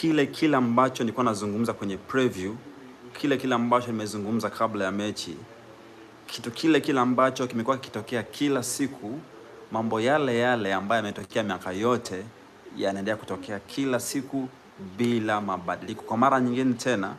kile kile ambacho nilikuwa nazungumza kwenye preview, kile kile ambacho nimezungumza kabla ya mechi, kitu kile kile ambacho kimekuwa kikitokea kila siku, mambo yale yale ambayo yametokea miaka yote yanaendelea kutokea kila siku bila mabadiliko. Kwa mara nyingine tena,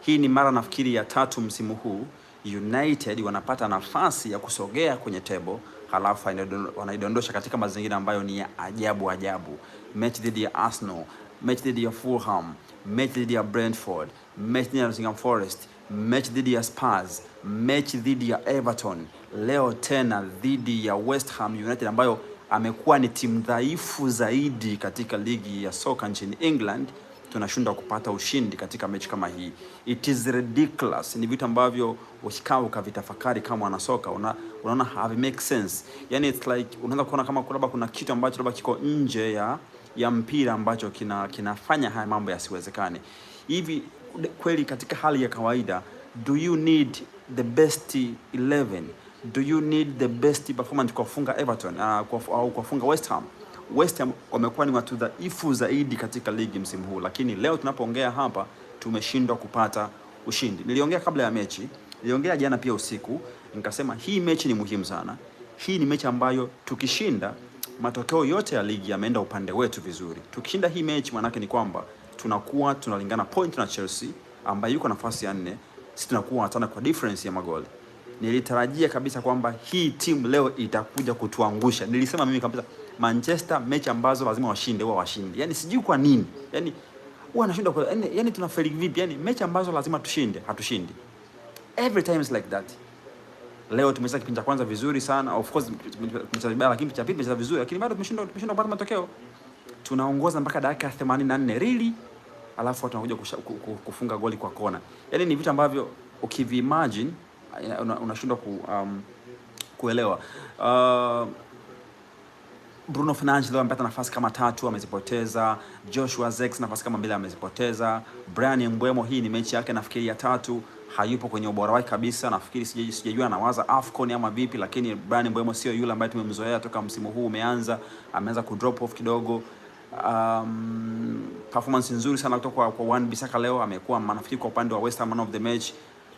hii ni mara nafikiri ya tatu msimu huu United wanapata nafasi ya kusogea kwenye tebo, halafu wanaidondosha katika mazingira ambayo ni ya ajabu ajabu. Mechi dhidi ya Arsenal mechi dhidi ya Fulham, mechi dhidi ya Brentford, mechi dhidi ya Nottingham Forest, mechi dhidi ya Spurs, mechi dhidi ya Everton, leo tena dhidi ya West Ham United ambayo amekuwa ni timu dhaifu zaidi katika ligi ya soka nchini England, tunashindwa kupata ushindi katika mechi kama hii. It is ridiculous. Ni vitu ambavyo ukikaa ukavitafakari kama wanasoka una, unaona have make sense. Yani it's like unaanza kuona kama labda kuna kitu ambacho labda kiko nje ya ya mpira ambacho kina, kinafanya haya mambo yasiwezekane. Hivi kweli katika hali ya kawaida, do you need the best 11? Do you need the best performance kuwafunga Everton ah, au kuwafunga West Ham? West Ham wamekuwa ni watu dhaifu zaidi katika ligi msimu huu, lakini leo tunapoongea hapa tumeshindwa kupata ushindi. Niliongea kabla ya mechi, niliongea jana pia usiku, nikasema hii mechi ni muhimu sana. Hii ni mechi ambayo tukishinda matokeo yote ya ligi yameenda upande wetu vizuri. Tukishinda hii mechi, maanake ni kwamba tunakuwa tunalingana point na Chelsea ambaye yuko nafasi ya nne, sisi tunakuwa hatana kwa difference ya magoli. Nilitarajia kabisa kwamba hii timu leo itakuja kutuangusha. Nilisema mimi kabisa Manchester, mechi ambazo lazima washinde huwa washinde. Yaani sijui kwa nini, Yaani huwa anashinda kwa yaani, yaani tunafeli vipi? Yaani mechi ambazo lazima tushinde hatushindi, every time is like that leo tumecheza kipindi cha kwanza vizuri sana, of course tumecheza vibaya, lakini cha pili tumecheza vizuri, lakini bado tumeshindwa tumeshindwa kupata matokeo. Tunaongoza mpaka dakika 84 really, alafu watu wanakuja kufunga goli kwa kona. Yaani ni vitu ambavyo ukiviimagine eh, unashindwa ku, um, kuelewa. Uh, Bruno Fernandes leo amepata nafasi kama tatu amezipoteza. Joshua Zex nafasi kama mbili amezipoteza. Brian Mbwemo, hii ni mechi yake nafikiri ya tatu hayupo kwenye ubora wake kabisa. Nafikiri sijajua, sijajua anawaza Afcon ama vipi, lakini Bryan Mbeumo sio yule ambaye tumemzoea toka msimu huu umeanza. Ameanza ku drop off kidogo. Um, performance nzuri sana kutoka kwa kwa Wan Bissaka leo, amekuwa manafiki kwa upande wa West Ham man of the match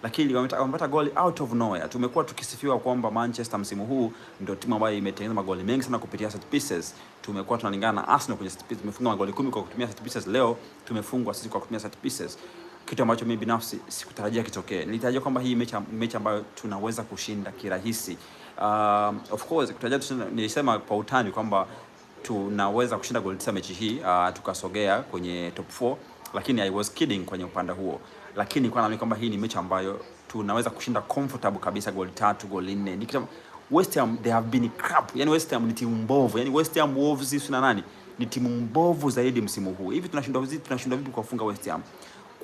lakini wamepata goal out of nowhere. Tumekuwa tukisifiwa kwamba Manchester msimu huu ndio timu ambayo imetengeneza magoli mengi sana kupitia set pieces. Tumekuwa tunalingana na Arsenal kwenye set pieces, tumefunga magoli kumi kwa kutumia set pieces. Leo tumefungwa sisi kwa kutumia set pieces kitu ambacho mimi binafsi sikutarajia kitokee. Nilitarajia kwamba hii mechi mechi ambayo tunaweza kushinda kirahisi. Uh, of course kutarajia, nilisema kwa utani kwamba tunaweza kushinda goli tisa mechi hii uh, tukasogea kwenye top 4 lakini I was kidding kwenye upande huo, lakini kwa naamini kwamba hii ni mechi ambayo tunaweza kushinda comfortable kabisa, goli tatu goli nne. Nikisema West Ham they have been crap, yani West Ham ni timu mbovu, yani West Ham Wolves sio na nani, ni timu mbovu zaidi msimu huu. Hivi tunashindwa vipi? Tunashindwa vipi kuwafunga West Ham?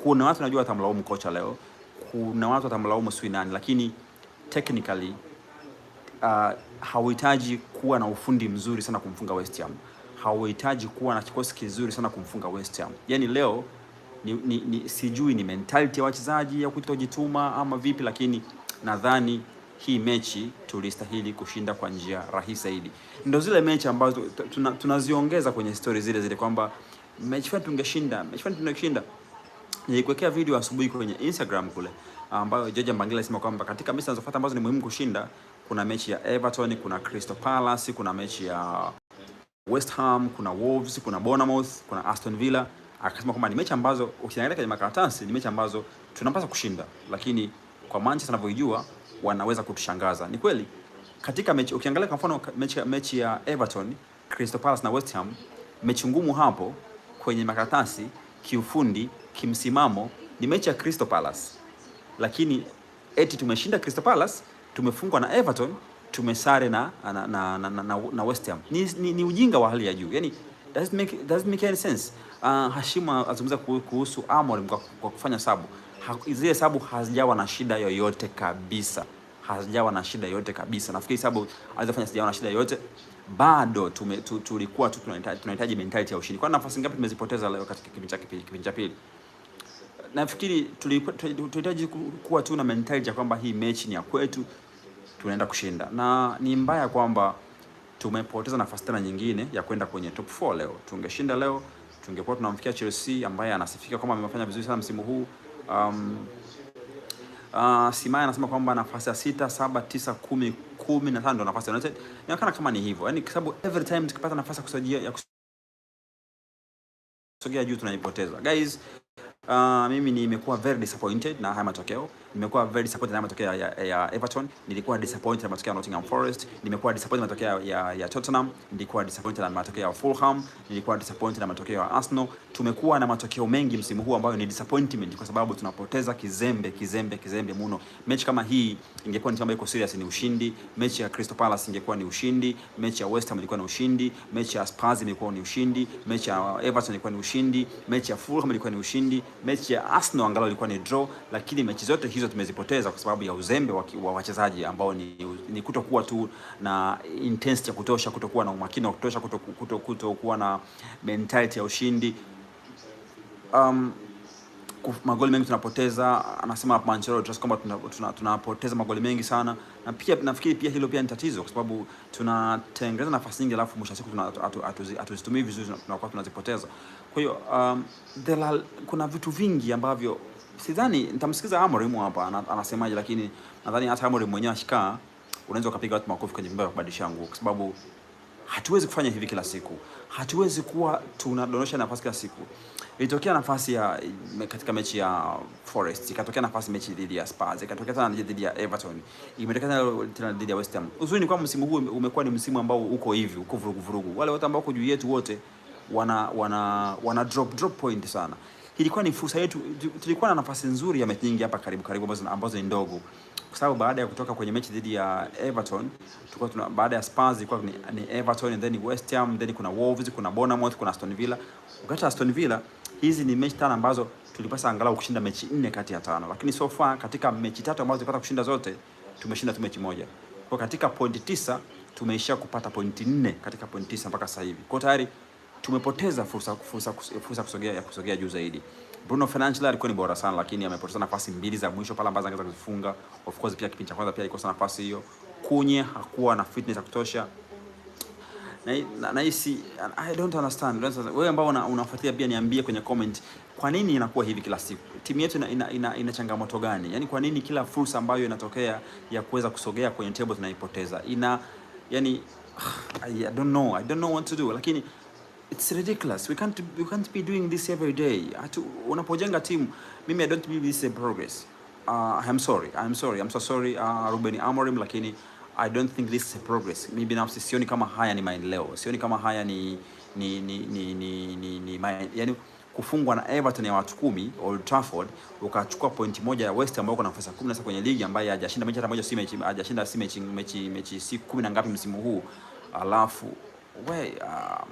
kuna watu najua watamlaumu kocha leo, kuna watu watamlaumu sui nani, lakini technically uh, hauhitaji kuwa na ufundi mzuri sana kumfunga West Ham, hauhitaji kuwa na kikosi kizuri sana kumfunga West Ham. Yani leo ni, ni, ni sijui ni mentality ya wachezaji ya kutojituma ama vipi, lakini nadhani hii mechi tulistahili kushinda kwa njia rahisi zaidi. Ndio zile mechi ambazo tunaziongeza tuna kwenye stori zile zile kwamba mechi fulani tungeshinda, mechi fulani tungeshinda nilikuwekea video asubuhi kwenye Instagram kule ambayo George Mbangila alisema kwamba katika mechi zinazofuata ambazo ni muhimu kushinda kuna mechi ya Everton, kuna Crystal Palace, kuna mechi ya West Ham, kuna Wolves, kuna Bournemouth, kuna Aston Villa. Akasema kwamba ni mechi ambazo ukiangalia kwenye makaratasi ni mechi ambazo tunapaswa kushinda, lakini kwa Manchester wanavyoijua wanaweza kutushangaza. Ni kweli katika mechi ukiangalia kwa mfano mechi, mechi ya Everton, Crystal Palace na West Ham, mechi ngumu hapo kwenye makaratasi kiufundi kimsimamo ni mechi ya Crystal Palace, lakini eti tumeshinda Crystal Palace, tumefungwa na Everton, tumesare na, na, na, na, na, na West Ham. Ni, ni, ni ujinga wa hali ya juu yani, does make, does make any sense? Uh, ah, Hashima azungumza kuhusu Amorim kwa, kwa kufanya sabu ha, zile sabu hazijawa na shida yoyote kabisa, hazijawa na shida yoyote kabisa. Nafikiri sabu alizofanya sijawa na shida yoyote bado tulikuwa tu tunahitaji mentality ya ushindi. Kwa nafasi ngapi tumezipoteza leo katika kipindi cha kipindi cha pili? nafikiri tunahitaji kuwa tu na mentality ya kwamba hii mechi ni ya kwetu, tunaenda kushinda, na ni mbaya kwamba tumepoteza nafasi tena nyingine ya kwenda kwenye top 4 leo. Tungeshinda leo, tungekuwa tunamfikia Chelsea ambaye anasifika kwamba amefanya vizuri sana msimu huu. Um, uh, Simaya anasema kwamba nafasi ya sita, saba, tisa, kumi, kumi na tano nafasi ya United. Inaonekana kama ni hivyo, yaani kwa sababu every time tukipata nafasi ya kusajia ya kusogea juu tunaipoteza guys. Uh, mimi nimekuwa very disappointed na haya matokeo. Nimekuwa very disappointed na matokeo ya, ya ya Everton, nilikuwa disappointed na matokeo ya Nottingham Forest, nimekuwa disappointed na matokeo ya, ya Tottenham, nilikuwa disappointed na matokeo ya Fulham, nilikuwa disappointed na matokeo ya Arsenal. Tumekuwa na matokeo mengi msimu huu ambayo ni disappointment kwa sababu tunapoteza kizembe kizembe kizembe mno. Mechi kama hii ingekuwa ni kama iko serious ni ushindi, mechi ya Crystal Palace ingekuwa ni ushindi, mechi ya West Ham ilikuwa ni ushindi, mechi ya Spurs ilikuwa ni ushindi, mechi ya Everton ilikuwa ni ushindi, mechi ya Fulham ilikuwa ni ushindi mechi ya Arsenal angalau ilikuwa ni draw, lakini mechi zote hizo tumezipoteza kwa sababu ya uzembe wa wachezaji ambao ni, ni kutokuwa tu na intensity ya kutosha, kutokuwa na umakini wa kutosha, kutokuwa kuto, kuto, kuto na mentality ya ushindi um, magoli mengi tunapoteza. Anasema Manchelo kwamba tunapoteza tuna, tuna magoli mengi sana, na pia nafikiri pia hilo pia ni tatizo, kwa sababu tunatengeneza nafasi nyingi, alafu mwisho wa siku hatuzitumii vizuri, tunakuwa tunazipoteza. Kwa hiyo um, there kuna vitu vingi ambavyo sidhani nitamsikiza Amorim hapa anasemaje, lakini nadhani hata Amorim mwenyewe ashika, unaweza ukapiga watu makofi kwenye vyumba vya kubadilisha nguo, kwa sababu hatuwezi kufanya hivi kila siku, hatuwezi kuwa tunadonosha nafasi kila siku. Ilitokea nafasi ya katika mechi ya Forest, ikatokea nafasi mechi dhidi ya Spurs, ikatokea tena dhidi ya Everton, imetokea tena dhidi ya West Ham. Uzuri ni kwamba msimu huu umekuwa ni msimu ambao uko hivi, uko vurugu vurugu, wale wote ambao uko juu yetu wote wana, wana, wana drop, drop point sana. Ilikuwa ni fursa yetu, tulikuwa na nafasi nzuri ya mechi nyingi hapa karibu karibu ambazo, ambazo ni ndogo kwa sababu baada ya kutoka kwenye mechi dhidi ya Everton tulikuwa tuna baada ya Spurs ilikuwa ni, ni Everton and then West Ham then kuna Wolves kuna Bournemouth kuna Aston Villa. Ukata Aston Villa hizi ni mechi tano ambazo tulipasa angalau kushinda mechi nne kati ya tano, lakini so far katika mechi tatu ambazo tulipata kushinda zote tumeshinda tu mechi moja. Kwa katika pointi tisa tumeishia kupata pointi nne katika pointi tisa mpaka sasa hivi. Kwa tayari tumepoteza fursa, fursa, fursa kusogea, ya kusogea juu zaidi. Bruno Fernandes alikuwa ni bora sana, lakini amepoteza nafasi mbili za mwisho pale ambazo angeweza kuzifunga. Of course pia kipindi cha kwanza pia alikosa nafasi hiyo. Kunye hakuwa na fitness ya kutosha na, na, na isi, I don't understand. Wewe ambao unafuatia pia niambie kwenye comment, kwa nini inakuwa hivi kila siku? Timu yetu ina, ina, ina, ina changamoto gani? Yaani kwa nini kila fursa ambayo inatokea ya kuweza kusogea kwenye table tunaipoteza? Ina yani I don't know, I don't know what to do, lakini It's ridiculous. We can't, we can't be doing this every day. Hatu, unapojenga mimi I don't believe this is a progress. Uh, I'm sorry. I'm sorry. I'm so sorry uh, Ruben Amorim lakini I don't think this is a progress. Mimi binafsi sioni kama haya ni maendeleo. Sioni kama haya ni ni ni ni ni, ni, ni yani kufungwa na Everton ya watu kumi Old Trafford ukachukua pointi moja ya West ambayo uko nafasi ya 10 kwenye ligi ambayo hajashinda mechi hata moja, si mechi hajashinda si mechi mechi mechi si kumi na ngapi msimu huu. Alafu we um,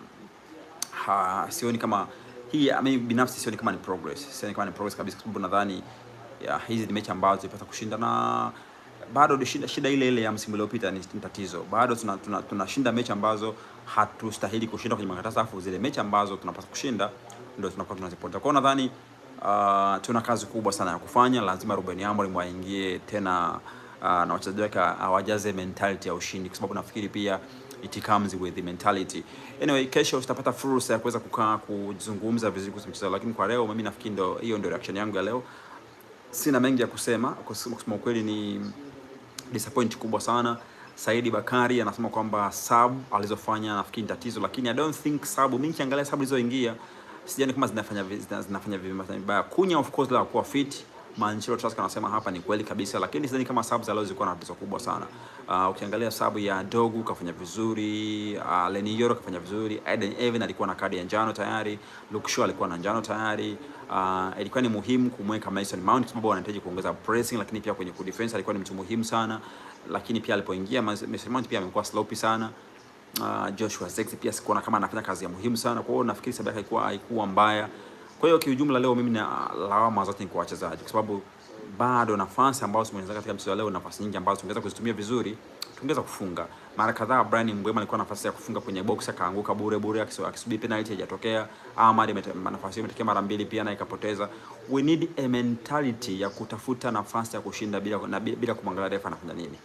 ha, sioni kama hii mimi binafsi sioni kama ni progress, sioni kama ni progress kabisa, kwa sababu nadhani ya hizi ni mechi ambazo ipata kushinda na bado shida, shida ile ile ya msimu uliopita ni tatizo. Bado tunashinda tuna, tuna mechi ambazo hatustahili kushinda kwenye makatasa, afu zile mechi ambazo tunapaswa kushinda ndio tunakuwa tunazipoteza. Kwa nadhani uh, tuna kazi kubwa sana ya kufanya. Lazima Ruben Amorim waingie tena uh, na wachezaji wake awajaze mentality ya ushindi, kwa sababu nafikiri pia it comes with the mentality. Anyway, kesho tutapata fursa ya kuweza kukaa kuzungumza vizuri kuhusu mchezo, lakini kwa leo mimi nafikiri ndio hiyo ndio reaction yangu ya leo. Sina mengi ya kusema, kusema ukweli ni disappoint kubwa sana. Saidi Bakari anasema kwamba sub alizofanya nafikiri ni tatizo, lakini I don't think sub, mimi nikiangalia sub zilizoingia sijani kama zinafanya zinafanya vibaya. Kunya of course la kuwa fit Manchester Trask anasema hapa ni kweli kabisa, lakini sidhani kama sabu za leo zilikuwa na tatizo kubwa sana. Uh, ukiangalia sabu ya Dogu kafanya vizuri, uh, ah, Leny Yoro kafanya vizuri, Eden Even alikuwa na kadi ya njano tayari, Luke Shaw alikuwa na njano tayari. Uh, ilikuwa ni muhimu kumweka Mason Mount kwa sababu anahitaji kuongeza pressing, lakini pia kwenye kudefense alikuwa ni mtu muhimu sana, lakini pia alipoingia Mason Mount pia amekuwa sloppy sana. Uh, Joshua Zexi pia sikuona kama anafanya kazi ya muhimu sana, kwa hiyo nafikiri sababu yake haikuwa haikuwa mbaya. Kwa hiyo kiujumla, leo mimi na lawama zote ni kwa wachezaji, kwa sababu bado nafasi ambazo tumeweza katika mchezo leo, nafasi nyingi ambazo tungeweza kuzitumia vizuri, tungeweza kufunga mara kadhaa. Brian Mbwema alikuwa na nafasi ya kufunga kwenye box akaanguka bure bure, akisubiri penalty haijatokea. Ahmad nafasi imetokea mara mbili pia na ikapoteza. We need a mentality ya kutafuta nafasi ya kushinda bila bila kumwangalia refa anafanya nini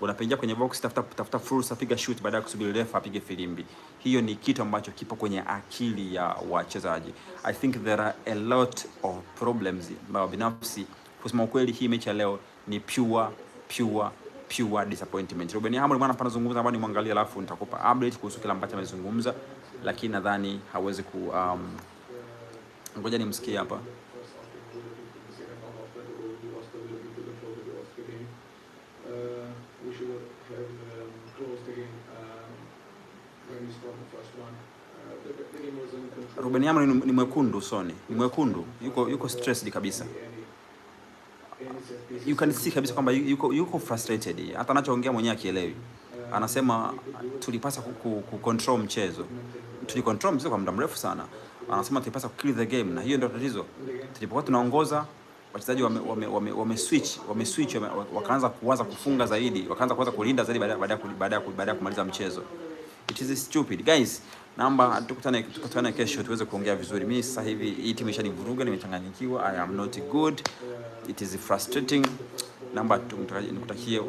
unapoingia kwenye box, tafuta tafuta fursa, piga shoot, ya kusubiri refa apige filimbi. Hiyo ni kitu ambacho kipo kwenye akili ya wachezaji. I think there are a lot of problems, ambao binafsi kusema ukweli, hii mechi ya leo ni pure pure pure disappointment. Ruben Amorim mwana panazungumza ni nimwangalia, alafu nitakupa update kuhusu kila ambacho amezungumza, lakini nadhani hawezi ku um, ngoja nimsikie hapa. Ruben Amorim ni, ni mwekundu soni ni mwekundu, yuko yuko stressed kabisa. You can see kabisa kwamba yuko yuko frustrated, hata anachoongea mwenyewe akielewi. Anasema tulipasa kucontrol mchezo, tulicontrol mchezo kwa muda mrefu sana. Anasema tulipasa kill the game, na hiyo ndio tatizo. Tulipokuwa tunaongoza wachezaji wame, wame, wame, wame switch wame switch wame, wakaanza kuwaza kufunga zaidi, wakaanza kuwaza kulinda zaidi baada baada ya kumaliza mchezo. It is stupid. Guys, Namba tukutane tukutane kesho tuweze kuongea vizuri. Mimi sasa hivi hii timu ishanivuruga, nimechanganyikiwa. I am not good. It is frustrating. Namba nikutakie